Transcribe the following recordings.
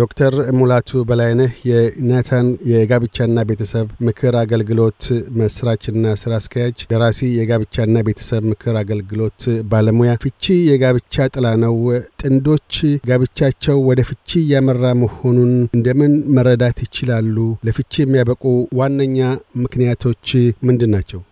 ዶክተር ሙላቱ በላይነህ የናታን የጋብቻና ቤተሰብ ምክር አገልግሎት መስራችና ስራ አስኪያጅ፣ ደራሲ፣ የጋብቻና ቤተሰብ ምክር አገልግሎት ባለሙያ። ፍቺ የጋብቻ ጥላ ነው። ጥንዶች ጋብቻቸው ወደ ፍቺ እያመራ መሆኑን እንደምን መረዳት ይችላሉ? ለፍቺ የሚያበቁ ዋነኛ ምክንያቶች ምንድን ናቸው?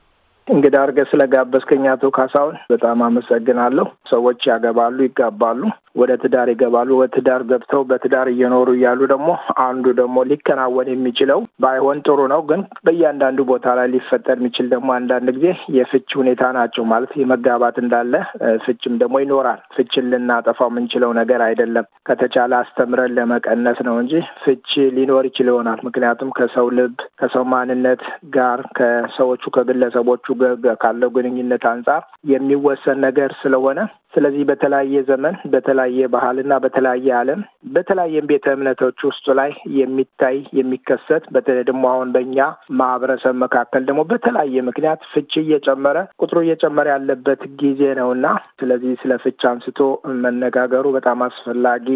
እንግዳ አርገ ስለጋበዝከኝ አቶ ካሳሁን በጣም አመሰግናለሁ። ሰዎች ያገባሉ፣ ይጋባሉ፣ ወደ ትዳር ይገባሉ። ወደ ትዳር ገብተው በትዳር እየኖሩ እያሉ ደግሞ አንዱ ደግሞ ሊከናወን የሚችለው ባይሆን ጥሩ ነው፣ ግን በእያንዳንዱ ቦታ ላይ ሊፈጠር የሚችል ደግሞ አንዳንድ ጊዜ የፍች ሁኔታ ናቸው። ማለት የመጋባት እንዳለ ፍችም ደግሞ ይኖራል። ፍችን ልናጠፋው የምንችለው ነገር አይደለም። ከተቻለ አስተምረን ለመቀነስ ነው እንጂ ፍች ሊኖር ይችል ይሆናል። ምክንያቱም ከሰው ልብ ከሰው ማንነት ጋር ከሰዎቹ ከግለሰቦቹ ጋር ካለው ግንኙነት አንጻር የሚወሰን ነገር ስለሆነ ስለዚህ በተለያየ ዘመን በተለያየ ባህልና በተለያየ ዓለም በተለያየም ቤተ እምነቶች ውስጡ ላይ የሚታይ የሚከሰት በተለይ ደግሞ አሁን በእኛ ማህበረሰብ መካከል ደግሞ በተለያየ ምክንያት ፍቺ እየጨመረ ቁጥሩ እየጨመረ ያለበት ጊዜ ነውና ስለዚህ ስለ ፍቺ አንስቶ መነጋገሩ በጣም አስፈላጊ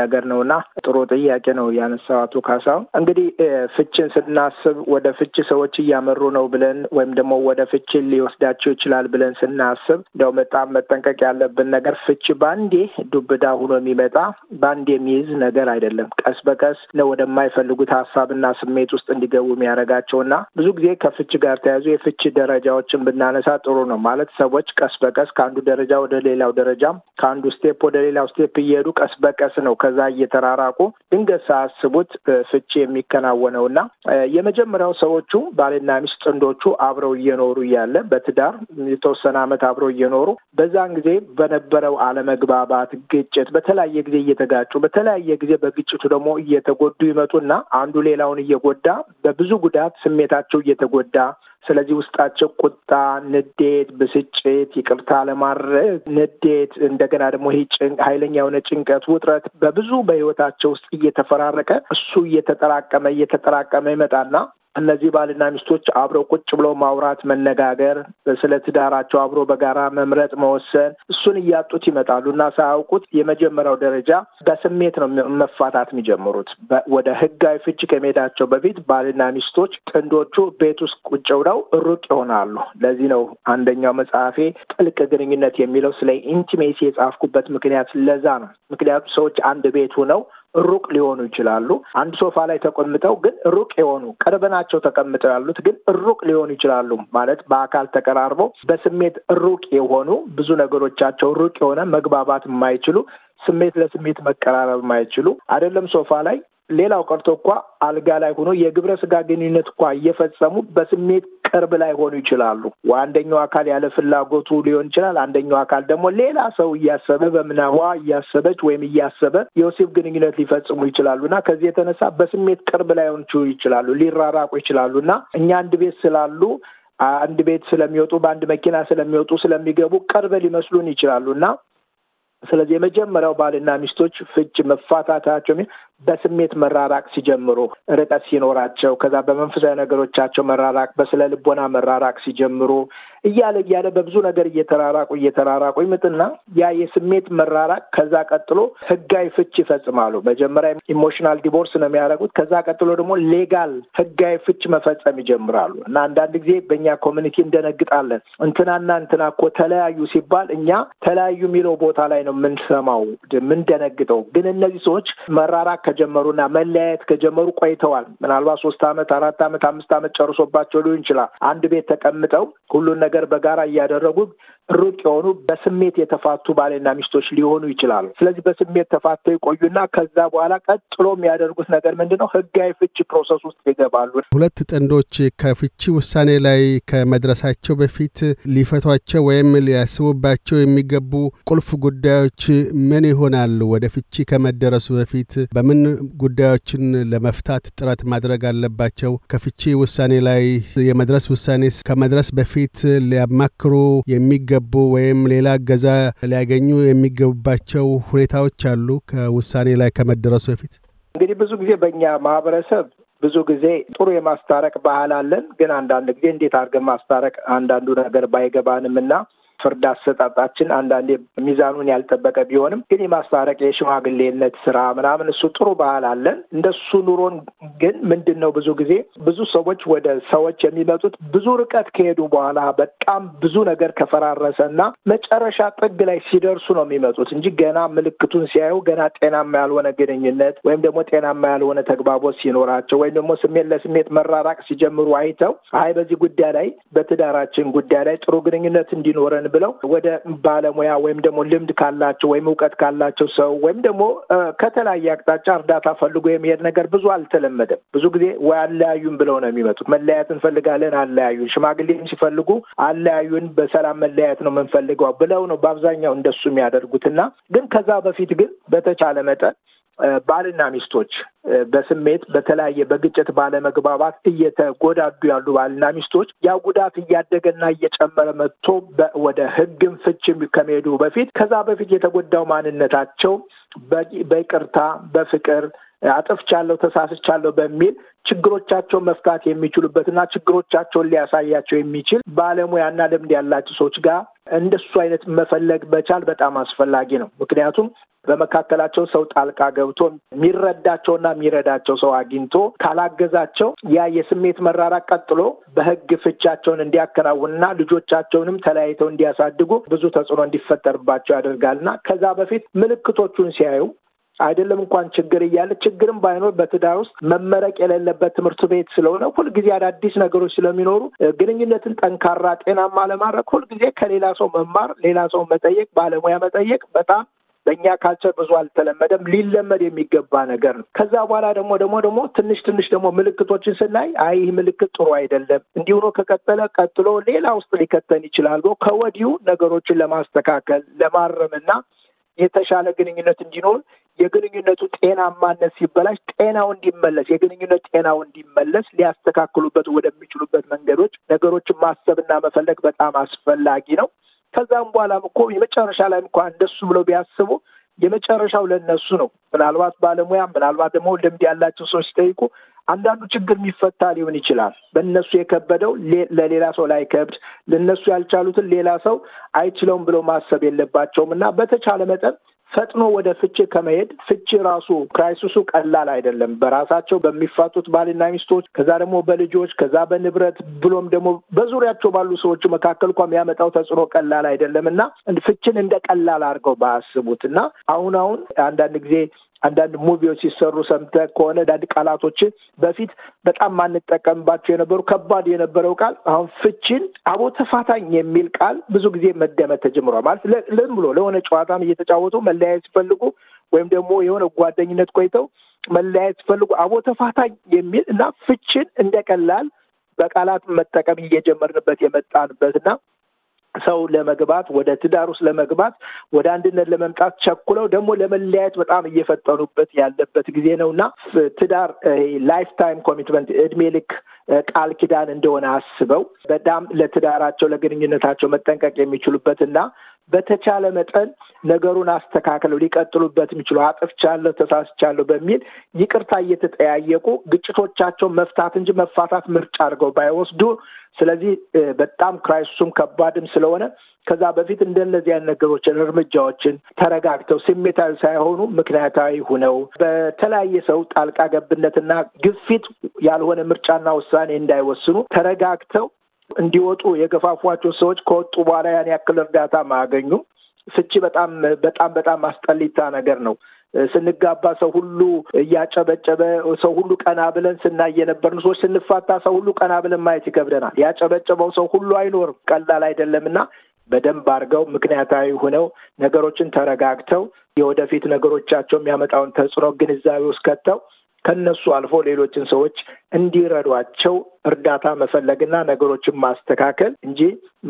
ነገር ነውና ጥሩ ጥያቄ ነው ያነሳው አቶ ካሳሁን። እንግዲህ ፍቺን ስናስብ ወደ ፍቺ ሰዎች እያመሩ ነው ብለን ወይም ደግሞ ወደ ፍቺ ሊወስዳቸው ይችላል ብለን ስናስብ እንደው በጣም መጠንቀቅ ያለበት ያለብን ነገር ፍች ባንዴ ዱብዳ ሁኖ የሚመጣ ባንዴ የሚይዝ ነገር አይደለም። ቀስ በቀስ ነው ወደማይፈልጉት ሀሳብና ስሜት ውስጥ እንዲገቡ የሚያደርጋቸውና ብዙ ጊዜ ከፍች ጋር ተያዙ የፍች ደረጃዎችን ብናነሳ ጥሩ ነው። ማለት ሰዎች ቀስ በቀስ ከአንዱ ደረጃ ወደ ሌላው ደረጃ ከአንዱ ስቴፕ ወደ ሌላው ስቴፕ እየሄዱ ቀስ በቀስ ነው ከዛ እየተራራቁ ድንገት ሳያስቡት የሚከናወነው የሚከናወነውና የመጀመሪያው ሰዎቹ ባልና ሚስት ጥንዶቹ አብረው እየኖሩ እያለ በትዳር የተወሰነ ዓመት አብረው እየኖሩ በዛን ጊዜ በ በነበረው አለመግባባት፣ ግጭት በተለያየ ጊዜ እየተጋጩ በተለያየ ጊዜ በግጭቱ ደግሞ እየተጎዱ ይመጡና አንዱ ሌላውን እየጎዳ በብዙ ጉዳት ስሜታቸው እየተጎዳ ስለዚህ ውስጣቸው ቁጣ፣ ንዴት፣ ብስጭት፣ ይቅርታ ለማድረግ ንዴት፣ እንደገና ደግሞ ይሄ ኃይለኛ የሆነ ጭንቀት፣ ውጥረት በብዙ በህይወታቸው ውስጥ እየተፈራረቀ እሱ እየተጠራቀመ እየተጠራቀመ ይመጣና እነዚህ ባልና ሚስቶች አብረው ቁጭ ብሎ ማውራት፣ መነጋገር፣ ስለ ትዳራቸው አብሮ በጋራ መምረጥ፣ መወሰን እሱን እያጡት ይመጣሉ እና ሳያውቁት የመጀመሪያው ደረጃ በስሜት ነው መፋታት የሚጀምሩት። ወደ ህጋዊ ፍቺ ከመሄዳቸው በፊት ባልና ሚስቶች ጥንዶቹ ቤት ውስጥ ቁጭ ብለው ሩቅ ይሆናሉ። ለዚህ ነው አንደኛው መጽሐፌ ጥልቅ ግንኙነት የሚለው ስለ ኢንቲሜሲ የጻፍኩበት ምክንያት ለዛ ነው። ምክንያቱም ሰዎች አንድ ቤት ሆነው ሩቅ ሊሆኑ ይችላሉ። አንድ ሶፋ ላይ ተቀምጠው ግን ሩቅ የሆኑ ቀርበናቸው ተቀምጠው ያሉት ግን ሩቅ ሊሆኑ ይችላሉ። ማለት በአካል ተቀራርበው በስሜት ሩቅ የሆኑ ብዙ ነገሮቻቸው ሩቅ የሆነ መግባባት የማይችሉ ስሜት ለስሜት መቀራረብ የማይችሉ አይደለም ሶፋ ላይ ሌላው ቀርቶ እኳ አልጋ ላይ ሆኖ የግብረ ስጋ ግንኙነት እኳ እየፈጸሙ በስሜት ቅርብ ላይ ሆኑ ይችላሉ። አንደኛው አካል ያለ ፍላጎቱ ሊሆን ይችላል። አንደኛው አካል ደግሞ ሌላ ሰው እያሰበ በምናቧ እያሰበች ወይም እያሰበ የወሲብ ግንኙነት ሊፈጽሙ ይችላሉ እና ከዚህ የተነሳ በስሜት ቅርብ ላይ ሆኑ ይችላሉ፣ ሊራራቁ ይችላሉ እና እኛ አንድ ቤት ስላሉ አንድ ቤት ስለሚወጡ በአንድ መኪና ስለሚወጡ ስለሚገቡ ቅርብ ሊመስሉን ይችላሉ እና ስለዚህ የመጀመሪያው ባልና ሚስቶች ፍች መፋታታቸው በስሜት መራራቅ ሲጀምሩ ርቀት ሲኖራቸው ከዛ በመንፈሳዊ ነገሮቻቸው መራራቅ፣ በስለ ልቦና መራራቅ ሲጀምሩ እያለ እያለ በብዙ ነገር እየተራራቁ እየተራራቁ ይምጥና ያ የስሜት መራራቅ ከዛ ቀጥሎ ህጋዊ ፍች ይፈጽማሉ። መጀመሪያ ኢሞሽናል ዲቮርስ ነው የሚያደርጉት። ከዛ ቀጥሎ ደግሞ ሌጋል ህጋዊ ፍች መፈጸም ይጀምራሉ። እና አንዳንድ ጊዜ በእኛ ኮሚኒቲ እንደነግጣለን። እንትናና እንትና እኮ ተለያዩ ሲባል እኛ ተለያዩ የሚለው ቦታ ላይ ነው የምንሰማው የምንደነግጠው። ግን እነዚህ ሰዎች መራራቅ ከጀመሩና መለያየት ከጀመሩ ቆይተዋል። ምናልባት ሶስት አመት፣ አራት አመት፣ አምስት አመት ጨርሶባቸው ሊሆን ይችላል። አንድ ቤት ተቀምጠው ሁሉን ነገር በጋራ እያደረጉ ሩቅ የሆኑ በስሜት የተፋቱ ባልና ሚስቶች ሊሆኑ ይችላሉ። ስለዚህ በስሜት ተፋተው ይቆዩና ከዛ በኋላ ቀጥሎ የሚያደርጉት ነገር ምንድን ነው? ህጋዊ ፍቺ ፕሮሰስ ውስጥ ይገባሉ። ሁለት ጥንዶች ከፍቺ ውሳኔ ላይ ከመድረሳቸው በፊት ሊፈቷቸው ወይም ሊያስቡባቸው የሚገቡ ቁልፍ ጉዳዮች ምን ይሆናሉ? ወደ ፍቺ ከመደረሱ በፊት በምን ጉዳዮችን ለመፍታት ጥረት ማድረግ አለባቸው? ከፍቺ ውሳኔ ላይ የመድረስ ውሳኔ ከመድረስ በፊት ሊያማክሩ የሚገ ሊገቡ ወይም ሌላ እገዛ ሊያገኙ የሚገቡባቸው ሁኔታዎች አሉ ከውሳኔ ላይ ከመደረሱ በፊት? እንግዲህ ብዙ ጊዜ በእኛ ማህበረሰብ ብዙ ጊዜ ጥሩ የማስታረቅ ባህል አለን። ግን አንዳንድ ጊዜ እንዴት አድርገን ማስታረቅ አንዳንዱ ነገር ባይገባንም እና ፍርድ አሰጣጣችን አንዳንዴ ሚዛኑን ያልጠበቀ ቢሆንም ግን የማስታረቅ የሽማግሌነት ስራ ምናምን እሱ ጥሩ ባህል አለን። እንደሱ ኑሮን ግን ምንድን ነው ብዙ ጊዜ ብዙ ሰዎች ወደ ሰዎች የሚመጡት ብዙ ርቀት ከሄዱ በኋላ በጣም ብዙ ነገር ከፈራረሰ እና መጨረሻ ጥግ ላይ ሲደርሱ ነው የሚመጡት እንጂ ገና ምልክቱን ሲያዩ ገና ጤናማ ያልሆነ ግንኙነት ወይም ደግሞ ጤናማ ያልሆነ ተግባቦት ሲኖራቸው ወይም ደግሞ ስሜት ለስሜት መራራቅ ሲጀምሩ አይተው አይ በዚህ ጉዳይ ላይ በትዳራችን ጉዳይ ላይ ጥሩ ግንኙነት እንዲኖረን ብለው ወደ ባለሙያ ወይም ደግሞ ልምድ ካላቸው ወይም እውቀት ካላቸው ሰው ወይም ደግሞ ከተለያየ አቅጣጫ እርዳታ ፈልጎ የሚሄድ ነገር ብዙ አልተለመደም። ብዙ ጊዜ ወይ አለያዩን ብለው ነው የሚመጡት። መለያየት እንፈልጋለን፣ አለያዩን። ሽማግሌም ሲፈልጉ አለያዩን፣ በሰላም መለያየት ነው የምንፈልገው ብለው ነው በአብዛኛው እንደሱ የሚያደርጉት እና ግን ከዛ በፊት ግን በተቻለ መጠን ባልና ሚስቶች በስሜት በተለያየ በግጭት ባለመግባባት እየተጎዳዱ ያሉ ባልና ሚስቶች ያ ጉዳት እያደገና እየጨመረ መጥቶ ወደ ሕግም ፍች ከመሄዱ በፊት ከዛ በፊት የተጎዳው ማንነታቸው በይቅርታ በፍቅር አጥፍቻለሁ፣ ተሳስቻለሁ በሚል ችግሮቻቸውን መፍታት የሚችሉበትና ችግሮቻቸውን ሊያሳያቸው የሚችል ባለሙያና ልምድ ያላቸው ሰዎች ጋር እንደሱ አይነት መፈለግ በቻል በጣም አስፈላጊ ነው። ምክንያቱም በመካከላቸው ሰው ጣልቃ ገብቶ የሚረዳቸውና የሚረዳቸው ሰው አግኝቶ ካላገዛቸው ያ የስሜት መራራቅ ቀጥሎ በህግ ፍቻቸውን እንዲያከናውንና ልጆቻቸውንም ተለያይተው እንዲያሳድጉ ብዙ ተጽዕኖ እንዲፈጠርባቸው ያደርጋልና ከዛ በፊት ምልክቶቹን ሲያዩ አይደለም እንኳን ችግር እያለ ችግርም ባይኖር በትዳር ውስጥ መመረቅ የሌለበት ትምህርት ቤት ስለሆነ ሁልጊዜ አዳዲስ ነገሮች ስለሚኖሩ ግንኙነትን ጠንካራ ጤናማ ለማድረግ ሁልጊዜ ከሌላ ሰው መማር፣ ሌላ ሰው መጠየቅ፣ ባለሙያ መጠየቅ በጣም በእኛ ካልቸር ብዙ አልተለመደም፣ ሊለመድ የሚገባ ነገር ነው። ከዛ በኋላ ደግሞ ደግሞ ደግሞ ትንሽ ትንሽ ደግሞ ምልክቶችን ስናይ አይ ይህ ምልክት ጥሩ አይደለም፣ እንዲሁ ነው ከቀጠለ ቀጥሎ ሌላ ውስጥ ሊከተን ይችላል ከወዲሁ ነገሮችን ለማስተካከል ለማረምና የተሻለ ግንኙነት እንዲኖር የግንኙነቱ ጤናማነት ሲበላሽ ጤናው እንዲመለስ የግንኙነት ጤናው እንዲመለስ ሊያስተካክሉበት ወደሚችሉበት መንገዶች ነገሮችን ማሰብና መፈለግ በጣም አስፈላጊ ነው። ከዛም በኋላም እኮ የመጨረሻ ላይ እንኳ እንደሱ ብለው ቢያስቡ የመጨረሻው ለእነሱ ነው። ምናልባት ባለሙያ፣ ምናልባት ደግሞ ልምድ ያላቸው ሰዎች ሲጠይቁ አንዳንዱ ችግር የሚፈታ ሊሆን ይችላል። በእነሱ የከበደው ለሌላ ሰው ላይከብድ፣ ለእነሱ ያልቻሉትን ሌላ ሰው አይችለውም ብለው ማሰብ የለባቸውም እና በተቻለ መጠን ፈጥኖ ወደ ፍቺ ከመሄድ ፍቺ ራሱ ክራይሲሱ ቀላል አይደለም። በራሳቸው በሚፋቱት ባልና ሚስቶች፣ ከዛ ደግሞ በልጆች፣ ከዛ በንብረት ብሎም ደግሞ በዙሪያቸው ባሉ ሰዎች መካከል እንኳ የሚያመጣው ተጽዕኖ ቀላል አይደለም እና ፍቺን እንደ ቀላል አድርገው ባያስቡት እና አሁን አሁን አንዳንድ ጊዜ አንዳንድ ሙቪዎች ሲሰሩ ሰምተህ ከሆነ አንዳንድ ቃላቶች በፊት በጣም ማንጠቀምባቸው የነበሩ ከባድ የነበረው ቃል አሁን ፍቺን አቦ ተፋታኝ የሚል ቃል ብዙ ጊዜ መደመት ተጀምሯል። ማለት ለም ብሎ ለሆነ ጨዋታም እየተጫወቱ መለያየት ሲፈልጉ ወይም ደግሞ የሆነ ጓደኝነት ቆይተው መለያየት ሲፈልጉ አቦ ተፋታኝ የሚል እና ፍቺን እንደቀላል በቃላት መጠቀም እየጀመርንበት የመጣንበትና ሰው ለመግባት ወደ ትዳር ውስጥ ለመግባት ወደ አንድነት ለመምጣት ቸኩለው ደግሞ ለመለያየት በጣም እየፈጠኑበት ያለበት ጊዜ ነው እና ትዳር ላይፍ ታይም ኮሚትመንት እድሜ ልክ ቃል ኪዳን እንደሆነ አስበው በጣም ለትዳራቸው ለግንኙነታቸው መጠንቀቅ የሚችሉበት እና በተቻለ መጠን ነገሩን አስተካክለው ሊቀጥሉበት የሚችሉ አጥፍቻለሁ፣ ተሳስቻለሁ በሚል ይቅርታ እየተጠያየቁ ግጭቶቻቸውን መፍታት እንጂ መፋታት ምርጫ አድርገው ባይወስዱ፣ ስለዚህ በጣም ክራይሱም ከባድም ስለሆነ ከዛ በፊት እንደነዚህ አይነት ነገሮችን እርምጃዎችን ተረጋግተው ስሜታዊ ሳይሆኑ ምክንያታዊ ሁነው በተለያየ ሰው ጣልቃ ገብነትና ግፊት ያልሆነ ምርጫና ውሳኔ እንዳይወስኑ ተረጋግተው እንዲወጡ የገፋፏቸው ሰዎች ከወጡ በኋላ ያን ያክል እርዳታ አያገኙም። ፍቺ በጣም በጣም በጣም አስጠሊታ ነገር ነው። ስንጋባ ሰው ሁሉ እያጨበጨበ ሰው ሁሉ ቀና ብለን ስናይ የነበርን ሰዎች ስንፋታ ሰው ሁሉ ቀና ብለን ማየት ይከብደናል። ያጨበጨበው ሰው ሁሉ አይኖርም። ቀላል አይደለም እና በደንብ አድርገው ምክንያታዊ ሆነው ነገሮችን ተረጋግተው የወደፊት ነገሮቻቸው የሚያመጣውን ተጽዕኖ ግንዛቤ ውስጥ ከተው ከነሱ አልፎ ሌሎችን ሰዎች እንዲረዷቸው እርዳታ መፈለግና ነገሮችን ማስተካከል እንጂ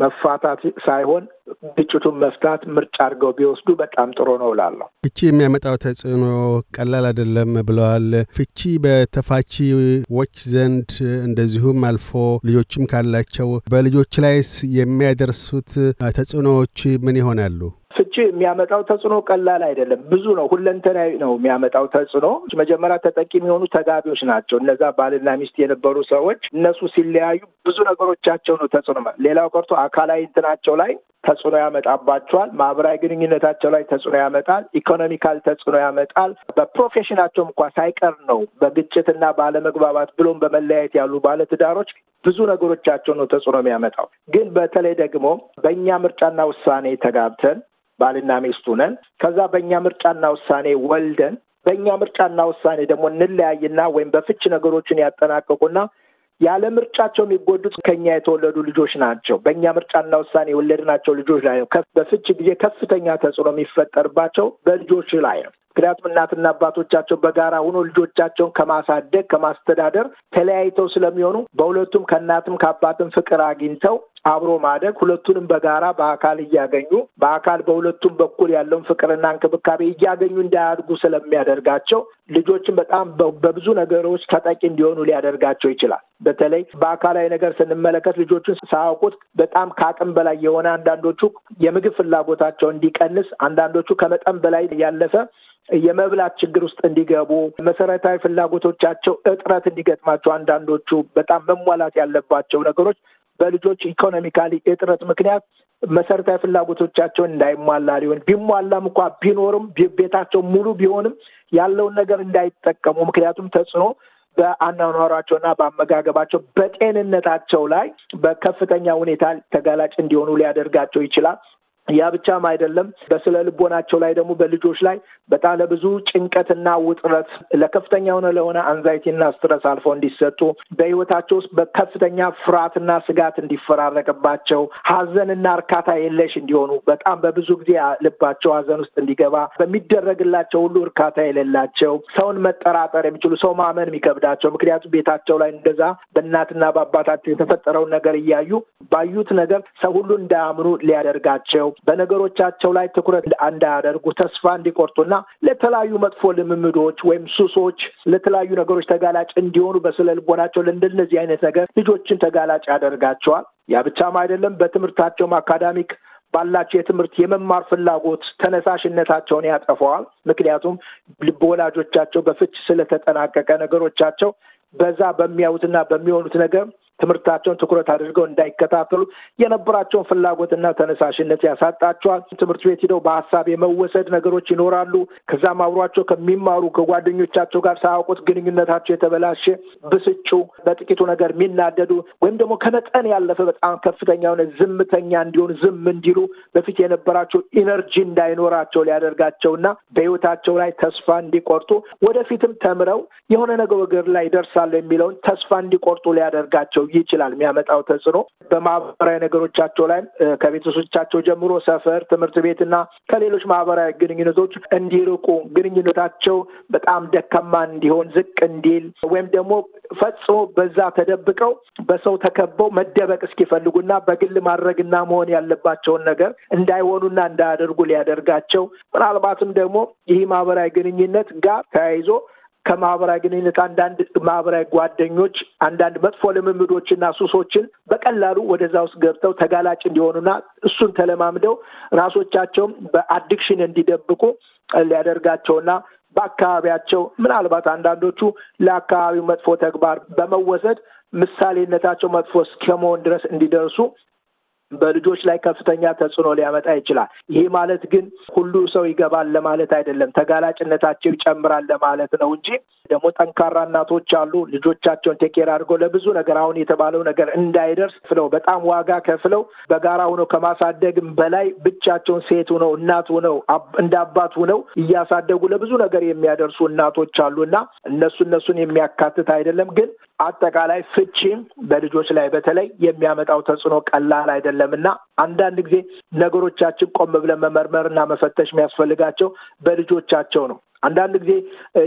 መፋታት ሳይሆን ግጭቱን መፍታት ምርጫ አድርገው ቢወስዱ በጣም ጥሩ ነው እላለሁ። ፍቺ የሚያመጣው ተጽዕኖ ቀላል አይደለም ብለዋል። ፍቺ በተፋቺዎች ዘንድ እንደዚሁም አልፎ ልጆችም ካላቸው በልጆች ላይስ የሚያደርሱት ተጽዕኖዎች ምን ይሆናሉ? ውጭ የሚያመጣው ተጽዕኖ ቀላል አይደለም፣ ብዙ ነው። ሁለንተናዊ ነው የሚያመጣው ተጽዕኖ። መጀመሪያ ተጠቂ የሚሆኑ ተጋቢዎች ናቸው። እነዛ ባልና ሚስት የነበሩ ሰዎች እነሱ ሲለያዩ ብዙ ነገሮቻቸው ነው ተጽዕኖ። ሌላው ቀርቶ አካላዊ እንትናቸው ላይ ተጽዕኖ ያመጣባቸዋል። ማህበራዊ ግንኙነታቸው ላይ ተጽዕኖ ያመጣል። ኢኮኖሚካል ተጽዕኖ ያመጣል። በፕሮፌሽናቸውም እንኳ ሳይቀር ነው በግጭትና ባለመግባባት ብሎም በመለያየት ያሉ ባለትዳሮች ብዙ ነገሮቻቸው ነው ተጽዕኖ የሚያመጣው። ግን በተለይ ደግሞ በእኛ ምርጫና ውሳኔ ተጋብተን ባልና ሚስቱ ነን። ከዛ በእኛ ምርጫና ውሳኔ ወልደን በእኛ ምርጫና ውሳኔ ደግሞ እንለያይና ወይም በፍች ነገሮችን ያጠናቀቁና ያለ ምርጫቸው የሚጎዱት ከኛ የተወለዱ ልጆች ናቸው። በእኛ ምርጫና ውሳኔ የወለድናቸው ልጆች ላይ ነው። በፍች ጊዜ ከፍተኛ ተጽዕኖ የሚፈጠርባቸው በልጆች ላይ ነው። ምክንያቱም እናትና አባቶቻቸው በጋራ ሆኖ ልጆቻቸውን ከማሳደግ ከማስተዳደር ተለያይተው ስለሚሆኑ በሁለቱም ከእናትም ከአባትም ፍቅር አግኝተው አብሮ ማደግ ሁለቱንም በጋራ በአካል እያገኙ በአካል በሁለቱም በኩል ያለውን ፍቅርና እንክብካቤ እያገኙ እንዳያድጉ ስለሚያደርጋቸው ልጆችን በጣም በብዙ ነገሮች ተጠቂ እንዲሆኑ ሊያደርጋቸው ይችላል። በተለይ በአካላዊ ነገር ስንመለከት ልጆቹን ሳያውቁት በጣም ከአቅም በላይ የሆነ አንዳንዶቹ የምግብ ፍላጎታቸው እንዲቀንስ፣ አንዳንዶቹ ከመጠን በላይ ያለፈ የመብላት ችግር ውስጥ እንዲገቡ፣ መሰረታዊ ፍላጎቶቻቸው እጥረት እንዲገጥማቸው፣ አንዳንዶቹ በጣም መሟላት ያለባቸው ነገሮች በልጆች ኢኮኖሚካሊ እጥረት ምክንያት መሰረታዊ ፍላጎቶቻቸውን እንዳይሟላ ሊሆን ቢሟላም እንኳ ቢኖርም ቤታቸው ሙሉ ቢሆንም ያለውን ነገር እንዳይጠቀሙ ምክንያቱም ተጽዕኖ በአኗኗሯቸውና በአመጋገባቸው በጤንነታቸው ላይ በከፍተኛ ሁኔታ ተጋላጭ እንዲሆኑ ሊያደርጋቸው ይችላል። ያ ብቻም አይደለም። በስለ ልቦናቸው ላይ ደግሞ በልጆች ላይ በጣም ለብዙ ጭንቀትና ውጥረት ለከፍተኛ የሆነ ለሆነ አንዛይቲና ስትረስ አልፎ እንዲሰጡ በህይወታቸው ውስጥ በከፍተኛ ፍርሃትና ስጋት እንዲፈራረቅባቸው፣ ሀዘንና እርካታ የለሽ እንዲሆኑ በጣም በብዙ ጊዜ ልባቸው ሀዘን ውስጥ እንዲገባ፣ በሚደረግላቸው ሁሉ እርካታ የሌላቸው፣ ሰውን መጠራጠር የሚችሉ ሰው ማመን የሚከብዳቸው ምክንያቱም ቤታቸው ላይ እንደዛ በእናትና በአባታቸው የተፈጠረውን ነገር እያዩ ባዩት ነገር ሰው ሁሉ እንዳያምኑ ሊያደርጋቸው በነገሮቻቸው ላይ ትኩረት እንዳያደርጉ ተስፋ እንዲቆርጡና ለተለያዩ መጥፎ ልምምዶች ወይም ሱሶች፣ ለተለያዩ ነገሮች ተጋላጭ እንዲሆኑ በስነ ልቦናቸው ለእንደነዚህ አይነት ነገር ልጆችን ተጋላጭ ያደርጋቸዋል። ያ ብቻም አይደለም፣ በትምህርታቸውም አካዳሚክ ባላቸው የትምህርት የመማር ፍላጎት ተነሳሽነታቸውን ያጠፈዋል። ምክንያቱም ልብ ወላጆቻቸው በፍች ስለተጠናቀቀ ነገሮቻቸው በዛ በሚያዩትና በሚሆኑት ነገር ትምህርታቸውን ትኩረት አድርገው እንዳይከታተሉ የነበራቸውን ፍላጎትና ተነሳሽነት ያሳጣቸዋል። ትምህርት ቤት ሂደው በሀሳብ የመወሰድ ነገሮች ይኖራሉ። ከዛም አብሯቸው ከሚማሩ ከጓደኞቻቸው ጋር ሳያውቁት ግንኙነታቸው የተበላሸ ብስጩ፣ በጥቂቱ ነገር የሚናደዱ ወይም ደግሞ ከመጠን ያለፈ በጣም ከፍተኛ የሆነ ዝምተኛ እንዲሆኑ ዝም እንዲሉ በፊት የነበራቸው ኢነርጂ እንዳይኖራቸው ሊያደርጋቸውና በህይወታቸው ላይ ተስፋ እንዲቆርጡ ወደፊትም ተምረው የሆነ ነገር ላይ ይደርሳሉ የሚለውን ተስፋ እንዲቆርጡ ሊያደርጋቸው ሊያደርጋቸው ይችላል። የሚያመጣው ተጽዕኖ በማህበራዊ ነገሮቻቸው ላይ ከቤተሰቦቻቸው ጀምሮ ሰፈር፣ ትምህርት ቤትና ከሌሎች ማህበራዊ ግንኙነቶች እንዲርቁ ግንኙነታቸው በጣም ደካማ እንዲሆን ዝቅ እንዲል ወይም ደግሞ ፈጽሞ በዛ ተደብቀው በሰው ተከበው መደበቅ እስኪፈልጉና በግል ማድረግና መሆን ያለባቸውን ነገር እንዳይሆኑና እንዳያደርጉ ሊያደርጋቸው ምናልባትም ደግሞ ይህ ማህበራዊ ግንኙነት ጋር ተያይዞ ከማህበራዊ ግንኙነት አንዳንድ ማህበራዊ ጓደኞች አንዳንድ መጥፎ ልምምዶችና ሱሶችን በቀላሉ ወደዛ ውስጥ ገብተው ተጋላጭ እንዲሆኑና እሱን ተለማምደው ራሶቻቸውም በአዲክሽን እንዲደብቁ ሊያደርጋቸውና በአካባቢያቸው ምናልባት አንዳንዶቹ ለአካባቢው መጥፎ ተግባር በመወሰድ ምሳሌነታቸው መጥፎ እስከመሆን ድረስ እንዲደርሱ በልጆች ላይ ከፍተኛ ተጽዕኖ ሊያመጣ ይችላል። ይህ ማለት ግን ሁሉ ሰው ይገባል ለማለት አይደለም፣ ተጋላጭነታቸው ይጨምራል ለማለት ነው እንጂ ደግሞ ጠንካራ እናቶች አሉ። ልጆቻቸውን ቴኬር አድርገው ለብዙ ነገር አሁን የተባለው ነገር እንዳይደርስ ፍለው በጣም ዋጋ ከፍለው በጋራ ሆነው ከማሳደግም በላይ ብቻቸውን ሴት ሆነው እናት ሆነው እንደ አባት ሆነው እያሳደጉ ለብዙ ነገር የሚያደርሱ እናቶች እና እነሱ እነሱን የሚያካትት አይደለም። ግን አጠቃላይ ፍቺም በልጆች ላይ በተለይ የሚያመጣው ተጽዕኖ ቀላል አይደለም። አይደለም እና አንዳንድ ጊዜ ነገሮቻችን ቆም ብለን መመርመርና መፈተሽ የሚያስፈልጋቸው በልጆቻቸው ነው። አንዳንድ ጊዜ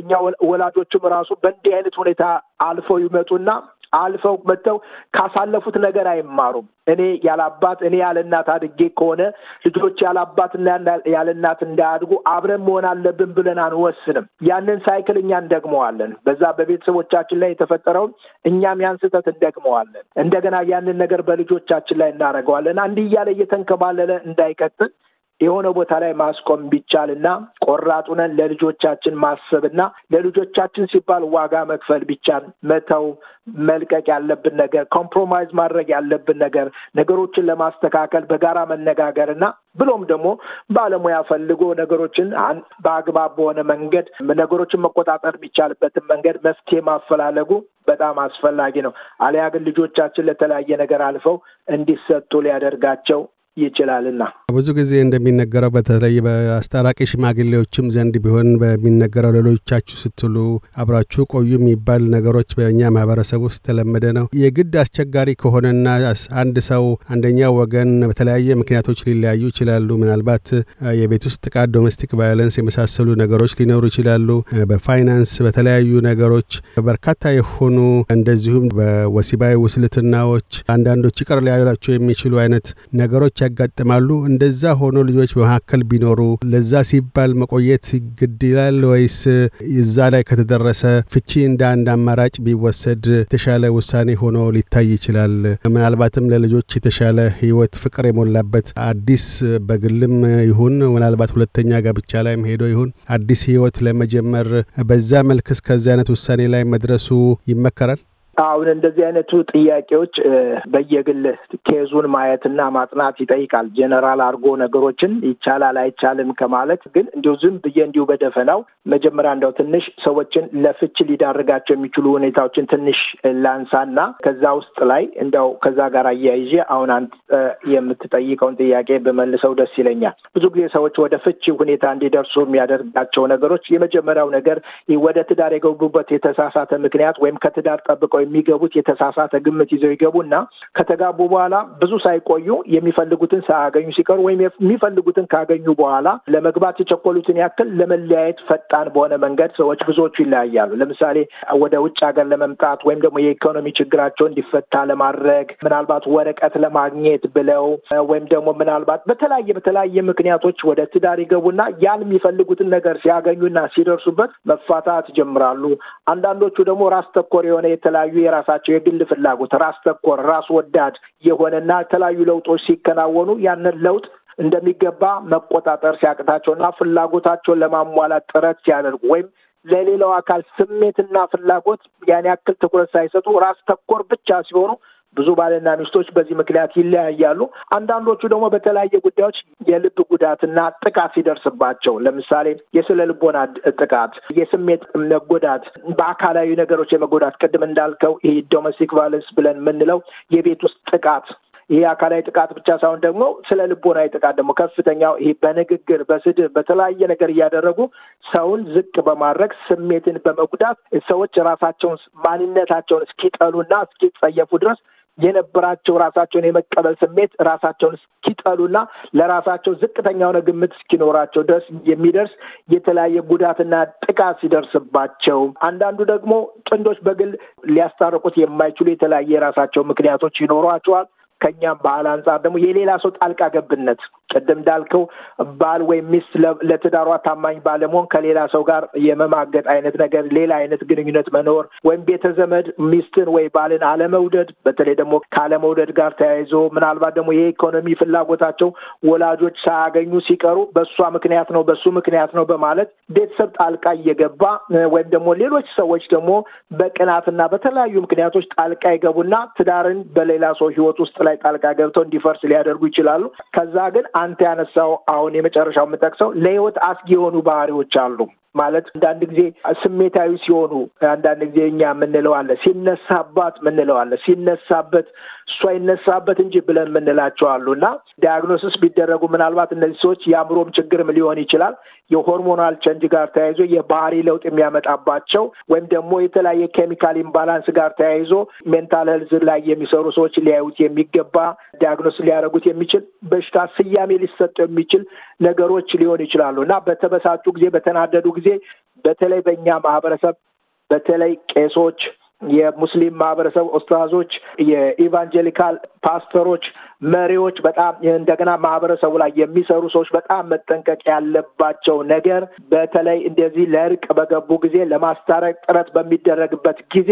እኛ ወላጆችም ራሱ በእንዲህ አይነት ሁኔታ አልፈው ይመጡና አልፈው መጥተው ካሳለፉት ነገር አይማሩም። እኔ ያለአባት እኔ ያለእናት አድጌ ከሆነ ልጆች ያለአባትና ያለእናት እንዳያድጉ አብረን መሆን አለብን ብለን አንወስንም። ያንን ሳይክል እኛ እንደግመዋለን። በዛ በቤተሰቦቻችን ላይ የተፈጠረውን እኛም ያን ስህተት እንደግመዋለን። እንደገና ያንን ነገር በልጆቻችን ላይ እናደርገዋለን። አንድ እያለ እየተንከባለለ እንዳይቀጥል የሆነ ቦታ ላይ ማስቆም ቢቻልና ቆራጡነን ለልጆቻችን ማሰብና ለልጆቻችን ሲባል ዋጋ መክፈል ቢቻል መተው መልቀቅ ያለብን ነገር ኮምፕሮማይዝ ማድረግ ያለብን ነገር ነገሮችን ለማስተካከል በጋራ መነጋገር እና ብሎም ደግሞ ባለሙያ ፈልጎ ነገሮችን በአግባብ በሆነ መንገድ ነገሮችን መቆጣጠር የሚቻልበትን መንገድ መፍትሄ ማፈላለጉ በጣም አስፈላጊ ነው። አሊያ ግን ልጆቻችን ለተለያየ ነገር አልፈው እንዲሰጡ ሊያደርጋቸው ይችላልና ብዙ ጊዜ እንደሚነገረው በተለይ በአስታራቂ ሽማግሌዎችም ዘንድ ቢሆን በሚነገረው ሌሎቻችሁ ስትሉ አብራችሁ ቆዩ የሚባል ነገሮች በእኛ ማህበረሰብ ውስጥ ተለመደ ነው። የግድ አስቸጋሪ ከሆነና አንድ ሰው አንደኛው ወገን በተለያየ ምክንያቶች ሊለያዩ ይችላሉ። ምናልባት የቤት ውስጥ ጥቃት፣ ዶሜስቲክ ቫዮለንስ የመሳሰሉ ነገሮች ሊኖሩ ይችላሉ። በፋይናንስ በተለያዩ ነገሮች በርካታ የሆኑ እንደዚሁም በወሲባዊ ውስልትናዎች አንዳንዶች ይቅር ሊያላቸው የሚችሉ አይነት ነገሮች ያጋጥማሉ። እንደዛ ሆኖ ልጆች በመካከል ቢኖሩ ለዛ ሲባል መቆየት ግድ ይላል ወይስ እዛ ላይ ከተደረሰ ፍቺ እንደ አንድ አማራጭ ቢወሰድ የተሻለ ውሳኔ ሆኖ ሊታይ ይችላል? ምናልባትም ለልጆች የተሻለ ህይወት ፍቅር የሞላበት አዲስ በግልም ይሁን ምናልባት ሁለተኛ ጋብቻ ላይም ሄዶ ይሁን አዲስ ህይወት ለመጀመር በዛ መልክ እስከዚህ አይነት ውሳኔ ላይ መድረሱ ይመከራል? አሁን እንደዚህ አይነቱ ጥያቄዎች በየግል ኬዙን ማየትና ማጥናት ይጠይቃል። ጀነራል አድርጎ ነገሮችን ይቻላል አይቻልም ከማለት ግን እንዲሁ ዝም ብዬ እንዲሁ በደፈናው መጀመሪያ እንደው ትንሽ ሰዎችን ለፍች ሊዳርጋቸው የሚችሉ ሁኔታዎችን ትንሽ ላንሳና ከዛ ውስጥ ላይ እንደው ከዛ ጋር አያይዤ አሁን አንተ የምትጠይቀውን ጥያቄ በመልሰው ደስ ይለኛል። ብዙ ጊዜ ሰዎች ወደ ፍች ሁኔታ እንዲደርሱ የሚያደርጋቸው ነገሮች የመጀመሪያው ነገር ወደ ትዳር የገቡበት የተሳሳተ ምክንያት ወይም ከትዳር ጠብቀው የሚገቡት የተሳሳተ ግምት ይዘው ይገቡና ከተጋቡ በኋላ ብዙ ሳይቆዩ የሚፈልጉትን ሳያገኙ ሲቀሩ ወይም የሚፈልጉትን ካገኙ በኋላ ለመግባት የቸኮሉትን ያክል ለመለያየት ፈጣን በሆነ መንገድ ሰዎች ብዙዎቹ ይለያያሉ። ለምሳሌ ወደ ውጭ ሀገር ለመምጣት ወይም ደግሞ የኢኮኖሚ ችግራቸው እንዲፈታ ለማድረግ ምናልባት ወረቀት ለማግኘት ብለው ወይም ደግሞ ምናልባት በተለያየ በተለያየ ምክንያቶች ወደ ትዳር ይገቡና ያን የሚፈልጉትን ነገር ሲያገኙና ሲደርሱበት መፋታት ይጀምራሉ። አንዳንዶቹ ደግሞ ራስ ተኮር የሆነ የተለያዩ የተለያዩ የራሳቸው የግል ፍላጎት ራስ ተኮር ራስ ወዳድ የሆነና የተለያዩ ለውጦች ሲከናወኑ ያንን ለውጥ እንደሚገባ መቆጣጠር ሲያቅታቸውና ፍላጎታቸውን ለማሟላት ጥረት ሲያደርጉ ወይም ለሌላው አካል ስሜትና ፍላጎት ያን ያክል ትኩረት ሳይሰጡ ራስ ተኮር ብቻ ሲሆኑ ብዙ ባልና ሚስቶች በዚህ ምክንያት ይለያያሉ። አንዳንዶቹ ደግሞ በተለያየ ጉዳዮች የልብ ጉዳትና ጥቃት ሲደርስባቸው ለምሳሌ የስነ ልቦና ጥቃት፣ የስሜት መጎዳት፣ በአካላዊ ነገሮች የመጎዳት ቅድም እንዳልከው ይህ ዶሜስቲክ ቫለንስ ብለን የምንለው የቤት ውስጥ ጥቃት ይሄ አካላዊ ጥቃት ብቻ ሳይሆን ደግሞ ስለ ልቦናዊ ጥቃት ደግሞ ከፍተኛው ይሄ በንግግር በስድብ በተለያየ ነገር እያደረጉ ሰውን ዝቅ በማድረግ ስሜትን በመጉዳት ሰዎች ራሳቸውን ማንነታቸውን እስኪጠሉና እስኪጸየፉ ድረስ የነበራቸው ራሳቸውን የመቀበል ስሜት ራሳቸውን እስኪጠሉና ለራሳቸው ዝቅተኛ የሆነ ግምት እስኪኖራቸው ድረስ የሚደርስ የተለያየ ጉዳትና ጥቃት ሲደርስባቸው፣ አንዳንዱ ደግሞ ጥንዶች በግል ሊያስታርቁት የማይችሉ የተለያየ የራሳቸው ምክንያቶች ይኖሯቸዋል። ከእኛም ባህል አንጻር ደግሞ የሌላ ሰው ጣልቃ ገብነት ቅድም እንዳልከው ባል ወይም ሚስት ለትዳሯ ታማኝ ባለመሆን ከሌላ ሰው ጋር የመማገጥ አይነት ነገር፣ ሌላ አይነት ግንኙነት መኖር ወይም ቤተዘመድ ሚስትን ወይ ባልን አለመውደድ፣ በተለይ ደግሞ ከአለመውደድ ጋር ተያይዞ ምናልባት ደግሞ የኢኮኖሚ ፍላጎታቸው ወላጆች ሳያገኙ ሲቀሩ በእሷ ምክንያት ነው በሱ ምክንያት ነው በማለት ቤተሰብ ጣልቃ እየገባ ወይም ደግሞ ሌሎች ሰዎች ደግሞ በቅናትና በተለያዩ ምክንያቶች ጣልቃ ይገቡና ትዳርን በሌላ ሰው ህይወት ውስጥ ላይ ጣልቃ ገብቶ እንዲፈርስ ሊያደርጉ ይችላሉ። ከዛ ግን አንተ ያነሳው አሁን የመጨረሻው የምጠቅሰው ለህይወት አስጊ የሆኑ ባህሪዎች አሉ ማለት አንዳንድ ጊዜ ስሜታዊ ሲሆኑ፣ አንዳንድ ጊዜ እኛ የምንለው አለ ሲነሳባት የምንለው አለ ሲነሳበት እሷ ይነሳበት እንጂ ብለን የምንላቸው አሉ እና ዲያግኖሲስ ቢደረጉ ምናልባት እነዚህ ሰዎች የአእምሮም ችግርም ሊሆን ይችላል የሆርሞናል ቸንጅ ጋር ተያይዞ የባህሪ ለውጥ የሚያመጣባቸው ወይም ደግሞ የተለያየ ኬሚካል ኢምባላንስ ጋር ተያይዞ ሜንታል ሄልዝ ላይ የሚሰሩ ሰዎች ሊያዩት የሚገባ ዲያግኖስ ሊያደርጉት የሚችል በሽታ ስያሜ ሊሰጠው የሚችል ነገሮች ሊሆን ይችላሉ እና በተበሳጩ ጊዜ፣ በተናደዱ ጊዜ በተለይ በእኛ ማህበረሰብ በተለይ ቄሶች የሙስሊም ማህበረሰብ ኡስታዞች፣ የኢቫንጀሊካል ፓስተሮች፣ መሪዎች በጣም እንደገና ማህበረሰቡ ላይ የሚሰሩ ሰዎች በጣም መጠንቀቅ ያለባቸው ነገር በተለይ እንደዚህ ለእርቅ በገቡ ጊዜ ለማስታረቅ ጥረት በሚደረግበት ጊዜ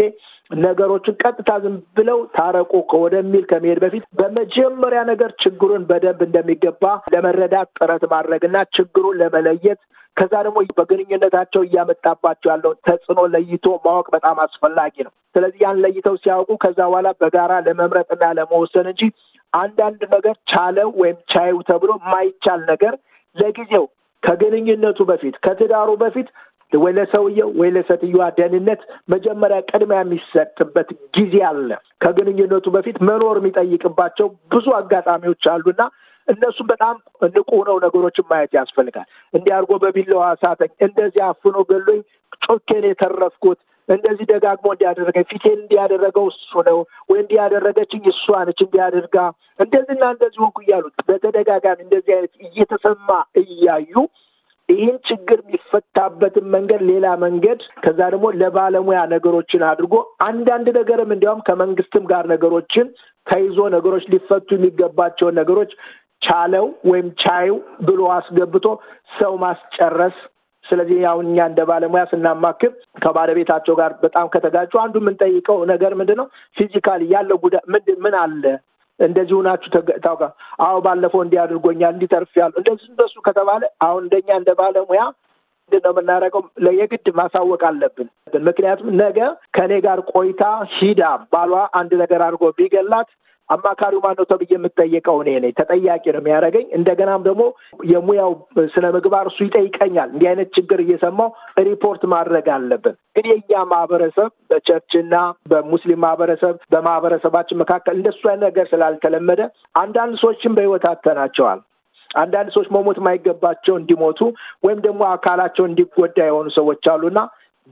ነገሮችን ቀጥታ ዝም ብለው ታረቁ ወደሚል ከመሄድ በፊት በመጀመሪያ ነገር ችግሩን በደንብ እንደሚገባ ለመረዳት ጥረት ማድረግና ችግሩን ለመለየት ከዛ ደግሞ በግንኙነታቸው እያመጣባቸው ያለውን ተጽዕኖ ለይቶ ማወቅ በጣም አስፈላጊ ነው። ስለዚህ ያን ለይተው ሲያውቁ ከዛ በኋላ በጋራ ለመምረጥና ለመወሰን እንጂ አንዳንድ ነገር ቻለው ወይም ቻዩ ተብሎ የማይቻል ነገር ለጊዜው ከግንኙነቱ በፊት ከትዳሩ በፊት ወይ ለሰውየው ወይ ለሴትዮዋ ደህንነት መጀመሪያ ቅድሚያ የሚሰጥበት ጊዜ አለ። ከግንኙነቱ በፊት መኖር የሚጠይቅባቸው ብዙ አጋጣሚዎች አሉና እነሱም በጣም ንቁ ነው ነገሮችን ማየት ያስፈልጋል። እንዲህ አድርጎ በቢላዋ ሳተኝ፣ እንደዚህ አፍኖ ገሎኝ ጮኬን የተረፍኩት እንደዚህ ደጋግሞ እንዲያደረገ ፊቴን እንዲያደረገው እሱ ነው ወይ እንዲያደረገችኝ እሷ ነች እንዲያደርጋ እንደዚህና እንደዚህ ወንኩ እያሉት በተደጋጋሚ እንደዚህ አይነት እየተሰማ እያዩ ይህን ችግር የሚፈታበትን መንገድ ሌላ መንገድ ከዛ ደግሞ ለባለሙያ ነገሮችን አድርጎ አንዳንድ ነገርም እንዲያውም ከመንግስትም ጋር ነገሮችን ተይዞ ነገሮች ሊፈቱ የሚገባቸውን ነገሮች ቻለው ወይም ቻዩ ብሎ አስገብቶ ሰው ማስጨረስ። ስለዚህ ያው እኛ እንደ ባለሙያ ስናማክር ከባለቤታቸው ጋር በጣም ከተጋጩ አንዱ የምንጠይቀው ነገር ምንድን ነው? ፊዚካል ያለው ጉዳይ ምንድን ምን አለ? እንደዚሁ ናችሁ ታውቃ? አዎ ባለፈው እንዲህ አድርጎኛል፣ እንዲተርፍ ያሉ እንደዚህ እንደሱ ከተባለ አሁን እንደኛ እንደ ባለሙያ ምንድን ነው የምናደርገው? ለየግድ ማሳወቅ አለብን። ምክንያቱም ነገ ከእኔ ጋር ቆይታ ሂዳ ባሏ አንድ ነገር አድርጎ ቢገላት አማካሪው ማን ነው ተብዬ የምጠየቀው እኔ ነኝ። ተጠያቂ ነው የሚያደርገኝ። እንደገናም ደግሞ የሙያው ስነ ምግባር እሱ ይጠይቀኛል። እንዲህ አይነት ችግር እየሰማው ሪፖርት ማድረግ አለብን። ግን የእኛ ማህበረሰብ በቸርችና በሙስሊም ማህበረሰብ በማህበረሰባችን መካከል እንደሱ አይነት ነገር ስላልተለመደ አንዳንድ ሰዎችን በህይወት አተናቸዋል። አንዳንድ ሰዎች መሞት ማይገባቸው እንዲሞቱ ወይም ደግሞ አካላቸው እንዲጎዳ የሆኑ ሰዎች አሉና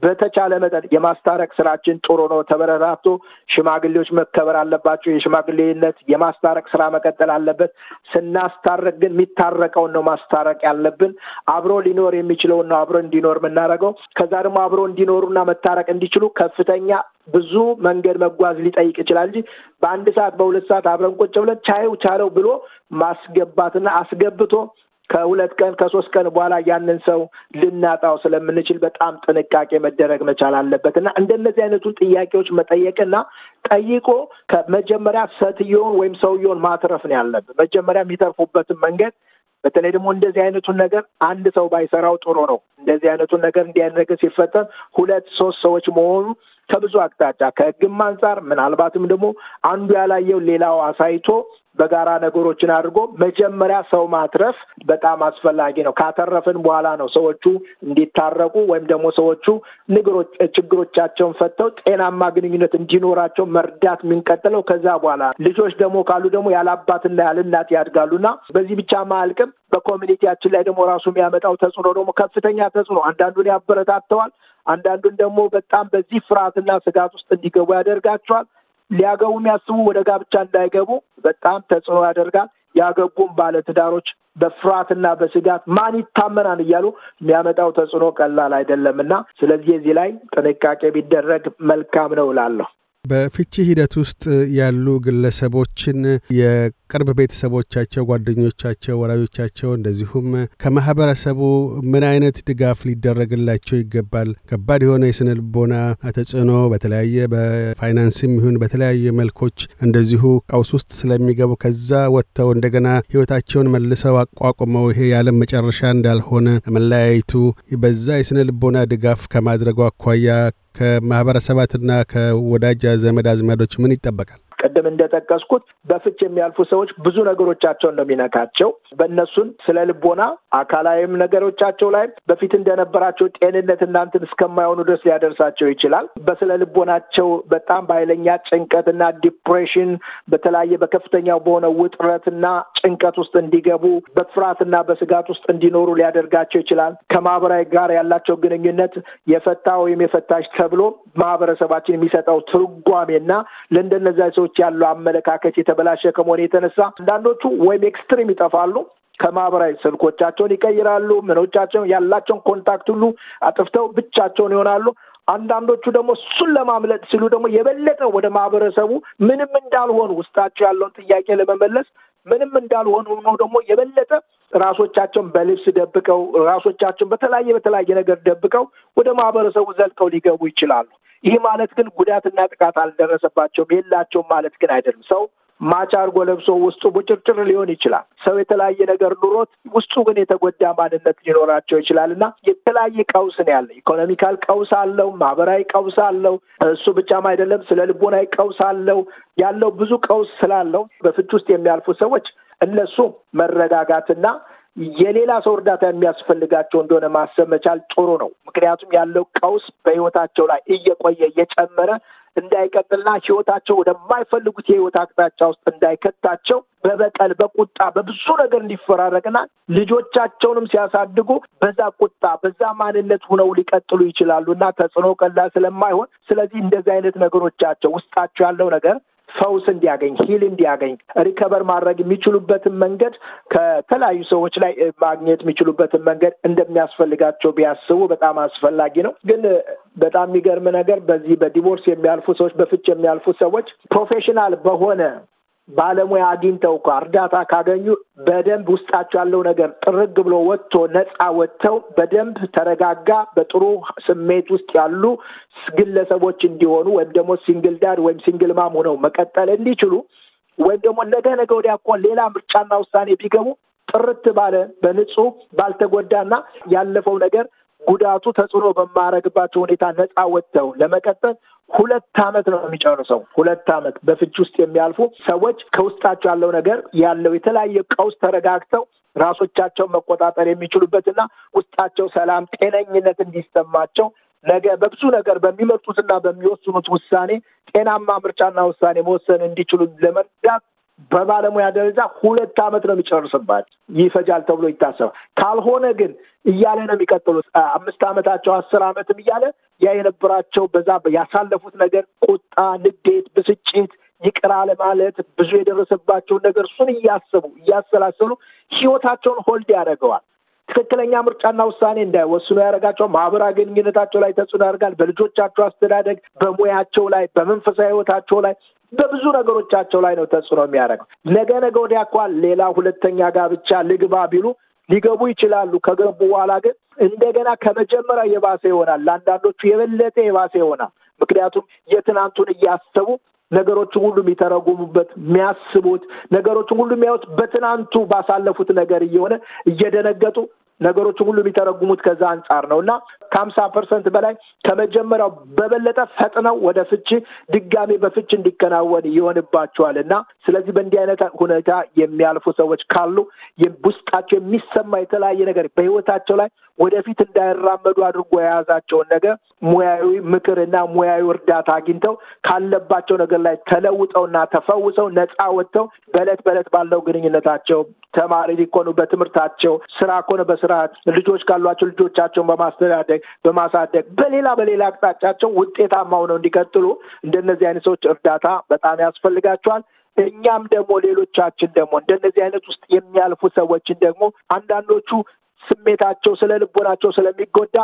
በተቻለ መጠን የማስታረቅ ስራችን ጥሩ ነው። ተበረታቶ ሽማግሌዎች መከበር አለባቸው። የሽማግሌነት የማስታረቅ ስራ መቀጠል አለበት። ስናስታረቅ ግን የሚታረቀውን ነው ማስታረቅ ያለብን። አብሮ ሊኖር የሚችለውን ነው አብሮ እንዲኖር የምናደርገው። ከዛ ደግሞ አብሮ እንዲኖሩና መታረቅ እንዲችሉ ከፍተኛ ብዙ መንገድ መጓዝ ሊጠይቅ ይችላል እንጂ በአንድ ሰዓት በሁለት ሰዓት አብረን ቁጭ ብለን ቻየው ቻለው ብሎ ማስገባትና አስገብቶ ከሁለት ቀን ከሶስት ቀን በኋላ ያንን ሰው ልናጣው ስለምንችል በጣም ጥንቃቄ መደረግ መቻል አለበት እና እንደነዚህ አይነቱን ጥያቄዎች መጠየቅና ጠይቆ ከመጀመሪያ ሰትየውን ወይም ሰውየውን ማትረፍ ነው ያለብን። መጀመሪያ የሚተርፉበትን መንገድ በተለይ ደግሞ እንደዚህ አይነቱን ነገር አንድ ሰው ባይሰራው ጥሩ ነው። እንደዚህ አይነቱን ነገር እንዲያደረገ ሲፈጠር ሁለት ሶስት ሰዎች መሆኑ ከብዙ አቅጣጫ ከህግም አንጻር ምናልባትም ደግሞ አንዱ ያላየው ሌላው አሳይቶ በጋራ ነገሮችን አድርጎ መጀመሪያ ሰው ማትረፍ በጣም አስፈላጊ ነው። ካተረፍን በኋላ ነው ሰዎቹ እንዲታረቁ ወይም ደግሞ ሰዎቹ ንግሮች ችግሮቻቸውን ፈተው ጤናማ ግንኙነት እንዲኖራቸው መርዳት የምንቀጥለው ከዛ በኋላ ልጆች ደግሞ ካሉ ደግሞ ያለ አባትና ያለ እናት ያድጋሉና በዚህ ብቻ ማያልቅም። በኮሚኒቲያችን ላይ ደግሞ ራሱ የሚያመጣው ተጽዕኖ ደግሞ ከፍተኛ ተጽዕኖ አንዳንዱን ያበረታተዋል፣ አንዳንዱን ደግሞ በጣም በዚህ ፍርሃትና ስጋት ውስጥ እንዲገቡ ያደርጋቸዋል። ሊያገቡ የሚያስቡ ወደ ጋብቻ እንዳይገቡ በጣም ተጽዕኖ ያደርጋል። ያገቡም ባለትዳሮች በፍርሃትና በስጋት ማን ይታመናል እያሉ የሚያመጣው ተጽዕኖ ቀላል አይደለም እና ስለዚህ የዚህ ላይ ጥንቃቄ ቢደረግ መልካም ነው እላለሁ። በፍቺ ሂደት ውስጥ ያሉ ግለሰቦችን የቅርብ ቤተሰቦቻቸው፣ ጓደኞቻቸው፣ ወላጆቻቸው እንደዚሁም ከማህበረሰቡ ምን አይነት ድጋፍ ሊደረግላቸው ይገባል? ከባድ የሆነ የስነ ልቦና ተጽዕኖ በተለያየ በፋይናንስም ይሁን በተለያዩ መልኮች እንደዚሁ ቀውስ ውስጥ ስለሚገቡ ከዛ ወጥተው እንደገና ህይወታቸውን መልሰው አቋቁመው ይሄ የዓለም መጨረሻ እንዳልሆነ መለያየቱ በዛ የስነ ልቦና ድጋፍ ከማድረጉ አኳያ ከማህበረሰባትና ከወዳጅ ዘመድ አዝማዶች ምን ይጠበቃል? ቅድም እንደጠቀስኩት በፍች የሚያልፉ ሰዎች ብዙ ነገሮቻቸውን ነው የሚነካቸው። በእነሱን ስለ ልቦና አካላዊም ነገሮቻቸው ላይ በፊት እንደነበራቸው ጤንነት እናንትን እስከማይሆኑ ድረስ ሊያደርሳቸው ይችላል። በስለ ልቦናቸው በጣም በኃይለኛ ጭንቀት እና ዲፕሬሽን በተለያየ በከፍተኛው በሆነ ውጥረት እና ጭንቀት ውስጥ እንዲገቡ በፍርሃትና በስጋት ውስጥ እንዲኖሩ ሊያደርጋቸው ይችላል። ከማህበራዊ ጋር ያላቸው ግንኙነት የፈታ ወይም የፈታሽ ተብሎ ማህበረሰባችን የሚሰጠው ትርጓሜና ለእንደነዚ ሰዎች ሰዎች ያለው አመለካከት የተበላሸ ከመሆን የተነሳ አንዳንዶቹ ወይም ኤክስትሪም ይጠፋሉ ከማህበራዊ ስልኮቻቸውን ይቀይራሉ። ምኖቻቸውን ያላቸውን ኮንታክት ሁሉ አጥፍተው ብቻቸውን ይሆናሉ። አንዳንዶቹ ደግሞ እሱን ለማምለጥ ሲሉ ደግሞ የበለጠ ወደ ማህበረሰቡ ምንም እንዳልሆኑ ውስጣቸው ያለውን ጥያቄ ለመመለስ ምንም እንዳልሆኑ ሆኖ ደግሞ የበለጠ ራሶቻቸውን በልብስ ደብቀው ራሶቻቸውን በተለያየ በተለያየ ነገር ደብቀው ወደ ማህበረሰቡ ዘልቀው ሊገቡ ይችላሉ። ይህ ማለት ግን ጉዳትና ጥቃት አልደረሰባቸውም የላቸውም ማለት ግን አይደለም። ሰው ማች አድርጎ ለብሶ ውስጡ ቡጭርጭር ሊሆን ይችላል። ሰው የተለያየ ነገር ኑሮት ውስጡ ግን የተጎዳ ማንነት ሊኖራቸው ይችላል እና የተለያየ ቀውስ ነው ያለ። ኢኮኖሚካል ቀውስ አለው፣ ማህበራዊ ቀውስ አለው። እሱ ብቻም አይደለም፣ ስለ ልቦናዊ ቀውስ አለው። ያለው ብዙ ቀውስ ስላለው በፍች ውስጥ የሚያልፉ ሰዎች እነሱ መረጋጋትና የሌላ ሰው እርዳታ የሚያስፈልጋቸው እንደሆነ ማሰብ መቻል ጥሩ ነው። ምክንያቱም ያለው ቀውስ በህይወታቸው ላይ እየቆየ እየጨመረ እንዳይቀጥልና ህይወታቸው ወደማይፈልጉት የህይወት አቅጣጫ ውስጥ እንዳይከታቸው በበቀል በቁጣ በብዙ ነገር እንዲፈራረቅና ልጆቻቸውንም ሲያሳድጉ በዛ ቁጣ በዛ ማንነት ሁነው ሊቀጥሉ ይችላሉ እና ተጽዕኖ ቀላል ስለማይሆን ስለዚህ እንደዚህ አይነት ነገሮቻቸው ውስጣቸው ያለው ነገር ፈውስ እንዲያገኝ ሂል እንዲያገኝ ሪከቨር ማድረግ የሚችሉበትን መንገድ ከተለያዩ ሰዎች ላይ ማግኘት የሚችሉበትን መንገድ እንደሚያስፈልጋቸው ቢያስቡ በጣም አስፈላጊ ነው። ግን በጣም የሚገርም ነገር በዚህ በዲቮርስ የሚያልፉ ሰዎች፣ በፍች የሚያልፉ ሰዎች ፕሮፌሽናል በሆነ ባለሙያ አግኝተው እኳ እርዳታ ካገኙ በደንብ ውስጣቸው ያለው ነገር ጥርግ ብሎ ወጥቶ ነፃ ወጥተው በደንብ ተረጋጋ በጥሩ ስሜት ውስጥ ያሉ ግለሰቦች እንዲሆኑ ወይም ደግሞ ሲንግል ዳድ ወይም ሲንግል ማም ሆነው መቀጠል እንዲችሉ ወይም ደግሞ ነገ ነገ ወዲያ እኮ ሌላ ምርጫና ውሳኔ ቢገቡ ጥርት ባለ በንጹህ ባልተጎዳና ያለፈው ነገር ጉዳቱ ተጽዕኖ በማረግባቸው ሁኔታ ነፃ ወጥተው ለመቀጠል ሁለት ዓመት ነው የሚጨርሰው። ሁለት ዓመት በፍች ውስጥ የሚያልፉ ሰዎች ከውስጣቸው ያለው ነገር ያለው የተለያየ ቀውስ ተረጋግተው ራሶቻቸውን መቆጣጠር የሚችሉበትና ውስጣቸው ሰላም፣ ጤነኝነት እንዲሰማቸው ነገ በብዙ ነገር በሚመርጡትና በሚወስኑት ውሳኔ ጤናማ ምርጫና ውሳኔ መወሰን እንዲችሉ ለመርዳት በባለሙያ ደረጃ ሁለት ዓመት ነው የሚጨርስባት ይፈጃል ተብሎ ይታሰባል። ካልሆነ ግን እያለ ነው የሚቀጥሉት አምስት ዓመታቸው አስር ዓመትም እያለ ያ የነበራቸው በዛ ያሳለፉት ነገር ቁጣ፣ ንዴት፣ ብስጭት ይቅር አለማለት ብዙ የደረሰባቸውን ነገር እሱን እያሰቡ እያሰላሰሉ ህይወታቸውን ሆልድ ያደርገዋል። ትክክለኛ ምርጫና ውሳኔ እንዳይወስኑ ያደርጋቸዋል። ማህበራዊ ግንኙነታቸው ላይ ተጽዕኖ ያደርጋል። በልጆቻቸው አስተዳደግ፣ በሙያቸው ላይ፣ በመንፈሳዊ ህይወታቸው ላይ በብዙ ነገሮቻቸው ላይ ነው ተጽዕኖ የሚያደርገው። ነገ ነገ ወዲያ እኳ ሌላ ሁለተኛ ጋብቻ ልግባ ቢሉ ሊገቡ ይችላሉ። ከገቡ በኋላ ግን እንደገና ከመጀመሪያ የባሰ ይሆናል። ለአንዳንዶቹ የበለጠ የባሰ ይሆናል። ምክንያቱም የትናንቱን እያሰቡ ነገሮችን ሁሉ የሚተረጉሙበት የሚያስቡት ነገሮችን ሁሉ የሚያዩት በትናንቱ ባሳለፉት ነገር እየሆነ እየደነገጡ ነገሮችን ሁሉ የሚተረጉሙት ከዛ አንጻር ነው እና ከሀምሳ ፐርሰንት በላይ ከመጀመሪያው በበለጠ ፈጥነው ወደ ፍቺ ድጋሜ በፍቺ እንዲከናወን ይሆንባቸዋል እና ስለዚህ በእንዲህ አይነት ሁኔታ የሚያልፉ ሰዎች ካሉ ውስጣቸው የሚሰማ የተለያየ ነገር በህይወታቸው ላይ ወደፊት እንዳይራመዱ አድርጎ የያዛቸውን ነገር ሙያዊ ምክር እና ሙያዊ እርዳታ አግኝተው ካለባቸው ነገር ላይ ተለውጠውና ተፈውሰው ነፃ ወጥተው በእለት በለት ባለው ግንኙነታቸው ተማሪ ሊኮኑ በትምህርታቸው ስራ ኮነ በስርዓት ልጆች ካሏቸው ልጆቻቸውን በማስተዳደግ በማሳደግ በሌላ በሌላ አቅጣጫቸው ውጤታማ ሆነው እንዲቀጥሉ እንደነዚህ አይነት ሰዎች እርዳታ በጣም ያስፈልጋቸዋል። እኛም ደግሞ ሌሎቻችን ደግሞ እንደነዚህ አይነት ውስጥ የሚያልፉ ሰዎችን ደግሞ አንዳንዶቹ ስሜታቸው ስለ ልቦናቸው ስለሚጎዳ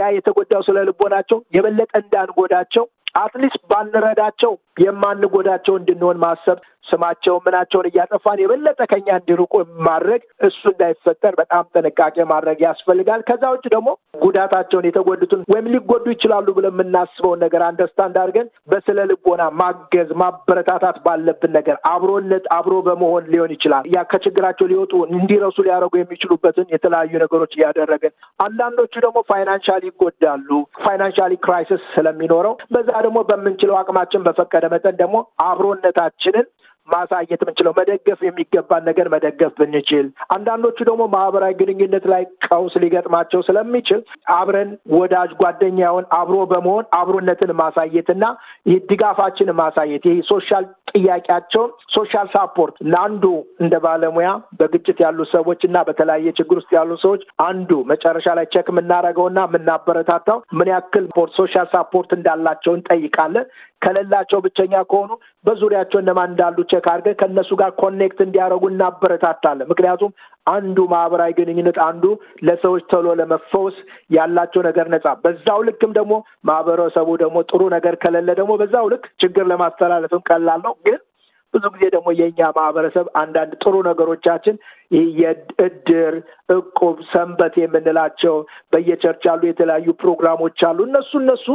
ያ የተጎዳው ስለ ልቦናቸው የበለጠ እንዳንጎዳቸው አትሊስት ባንረዳቸው የማንጎዳቸው እንድንሆን ማሰብ ስማቸውን ምናቸውን እያጠፋን የበለጠ ከኛ እንዲርቁ ማድረግ እሱ እንዳይፈጠር በጣም ጥንቃቄ ማድረግ ያስፈልጋል። ከዛ ውጭ ደግሞ ጉዳታቸውን የተጎዱትን ወይም ሊጎዱ ይችላሉ ብለን የምናስበውን ነገር አንደርስታንድ አድርገን በስለ ልቦና ማገዝ ማበረታታት ባለብን ነገር አብሮነት አብሮ በመሆን ሊሆን ይችላል። ያ ከችግራቸው ሊወጡ እንዲረሱ ሊያደርጉ የሚችሉበትን የተለያዩ ነገሮች እያደረግን አንዳንዶቹ ደግሞ ፋይናንሻሊ ይጎዳሉ። ፋይናንሻሊ ክራይሲስ ስለሚኖረው በዛ ደግሞ በምንችለው አቅማችን በፈቀደ መጠን ደግሞ አብሮነታችንን ማሳየት የምንችለው መደገፍ የሚገባን ነገር መደገፍ ብንችል፣ አንዳንዶቹ ደግሞ ማህበራዊ ግንኙነት ላይ ቀውስ ሊገጥማቸው ስለሚችል አብረን ወዳጅ ጓደኛውን አብሮ በመሆን አብሮነትን ማሳየትና ድጋፋችን ማሳየት ይህ ሶሻል ጥያቄያቸውን ሶሻል ሳፖርት ለአንዱ እንደ ባለሙያ በግጭት ያሉ ሰዎች እና በተለያየ ችግር ውስጥ ያሉ ሰዎች አንዱ መጨረሻ ላይ ቼክ የምናደርገውና የምናበረታታው ምን ያክል ሶሻል ሳፖርት እንዳላቸው እንጠይቃለን። ከሌላቸው ብቸኛ ከሆኑ በዙሪያቸው እነማን እንዳሉ ቼክ አድርገን ከእነሱ ጋር ኮኔክት እንዲያደርጉ እናበረታታለን። ምክንያቱም አንዱ ማህበራዊ ግንኙነት አንዱ ለሰዎች ቶሎ ለመፈወስ ያላቸው ነገር ነጻ፣ በዛው ልክም ደግሞ ማህበረሰቡ ደግሞ ጥሩ ነገር ከሌለ ደግሞ በዛው ልክ ችግር ለማስተላለፍም ቀላል ነው። ብዙ ጊዜ ደግሞ የእኛ ማህበረሰብ አንዳንድ ጥሩ ነገሮቻችን የእድር እቁብ፣ ሰንበት የምንላቸው በየቸርች ያሉ የተለያዩ ፕሮግራሞች አሉ። እነሱ እነሱ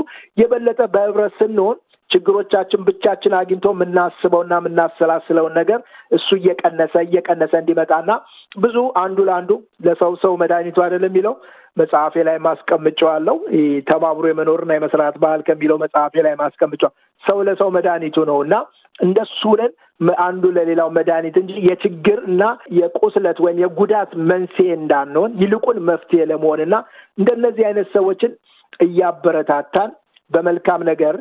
የበለጠ በህብረት ስንሆን ችግሮቻችን ብቻችን አግኝቶ የምናስበውና የምናሰላስለውን ነገር እሱ እየቀነሰ እየቀነሰ እንዲመጣና ብዙ አንዱ ለአንዱ ለሰው ሰው መድኃኒቱ አይደለም የሚለው መጽሐፌ ላይ ማስቀምጫዋለው። ተባብሮ የመኖርና የመስራት ባህል ከሚለው መጽሐፌ ላይ ማስቀምጫዋል። ሰው ለሰው መድኃኒቱ ነው እና እንደሱ ነን። አንዱ ለሌላው መድኃኒት እንጂ የችግር እና የቁስለት ወይም የጉዳት መንስኤ እንዳንሆን ይልቁን መፍትሄ ለመሆንና እንደነዚህ አይነት ሰዎችን እያበረታታን በመልካም ነገር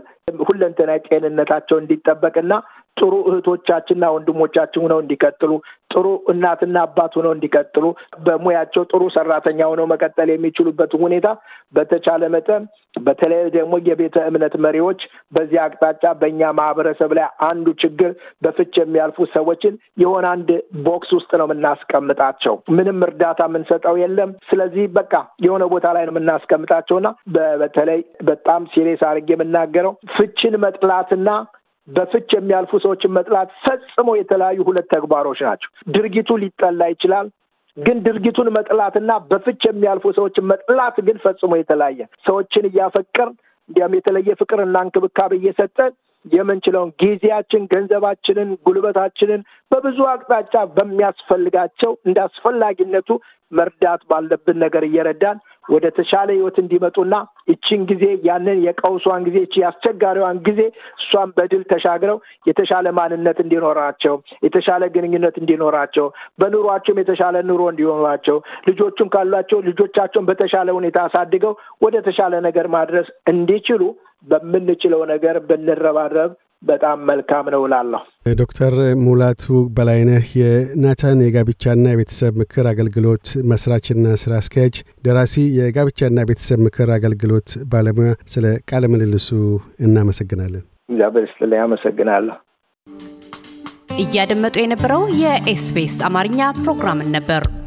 ሁለንተና ጤንነታቸው እንዲጠበቅና ጥሩ እህቶቻችንና ወንድሞቻችን ሆነው እንዲቀጥሉ፣ ጥሩ እናትና አባት ሆነው እንዲቀጥሉ፣ በሙያቸው ጥሩ ሰራተኛ ሆነው መቀጠል የሚችሉበት ሁኔታ በተቻለ መጠን በተለይ ደግሞ የቤተ እምነት መሪዎች በዚህ አቅጣጫ በእኛ ማህበረሰብ ላይ አንዱ ችግር በፍች የሚያልፉ ሰዎችን የሆነ አንድ ቦክስ ውስጥ ነው የምናስቀምጣቸው። ምንም እርዳታ የምንሰጠው የለም። ስለዚህ በቃ የሆነ ቦታ ላይ ነው የምናስቀምጣቸውና በተለይ በጣም ሲሬስ አድርጌ የምናገረው ፍችን መጥላትና በፍች የሚያልፉ ሰዎችን መጥላት ፈጽሞ የተለያዩ ሁለት ተግባሮች ናቸው። ድርጊቱ ሊጠላ ይችላል፣ ግን ድርጊቱን መጥላትና በፍች የሚያልፉ ሰዎችን መጥላት ግን ፈጽሞ የተለያየ ሰዎችን እያፈቀር የተለየ ፍቅርና እንክብካቤ እየሰጠን የምንችለውን ጊዜያችን፣ ገንዘባችንን፣ ጉልበታችንን በብዙ አቅጣጫ በሚያስፈልጋቸው እንደ አስፈላጊነቱ መርዳት ባለብን ነገር እየረዳን ወደ ተሻለ ህይወት እንዲመጡና እቺን ጊዜ ያንን የቀውሷን ጊዜ እቺ አስቸጋሪዋን ጊዜ እሷን በድል ተሻግረው የተሻለ ማንነት እንዲኖራቸው፣ የተሻለ ግንኙነት እንዲኖራቸው፣ በኑሯቸውም የተሻለ ኑሮ እንዲሆኗቸው፣ ልጆቹም ካሏቸው ልጆቻቸውን በተሻለ ሁኔታ አሳድገው ወደ ተሻለ ነገር ማድረስ እንዲችሉ በምንችለው ነገር ብንረባረብ በጣም መልካም ነው እላለሁ። ዶክተር ሙላቱ በላይነህ የናታን የጋብቻና የቤተሰብ ምክር አገልግሎት መስራችና ስራ አስኪያጅ፣ ደራሲ፣ የጋብቻና ቤተሰብ ምክር አገልግሎት ባለሙያ፣ ስለ ቃለ ምልልሱ እናመሰግናለን። እግዚአብሔር ይስጥልኝ። አመሰግናለሁ። እያደመጡ የነበረው የኤስቢኤስ አማርኛ ፕሮግራምን ነበር።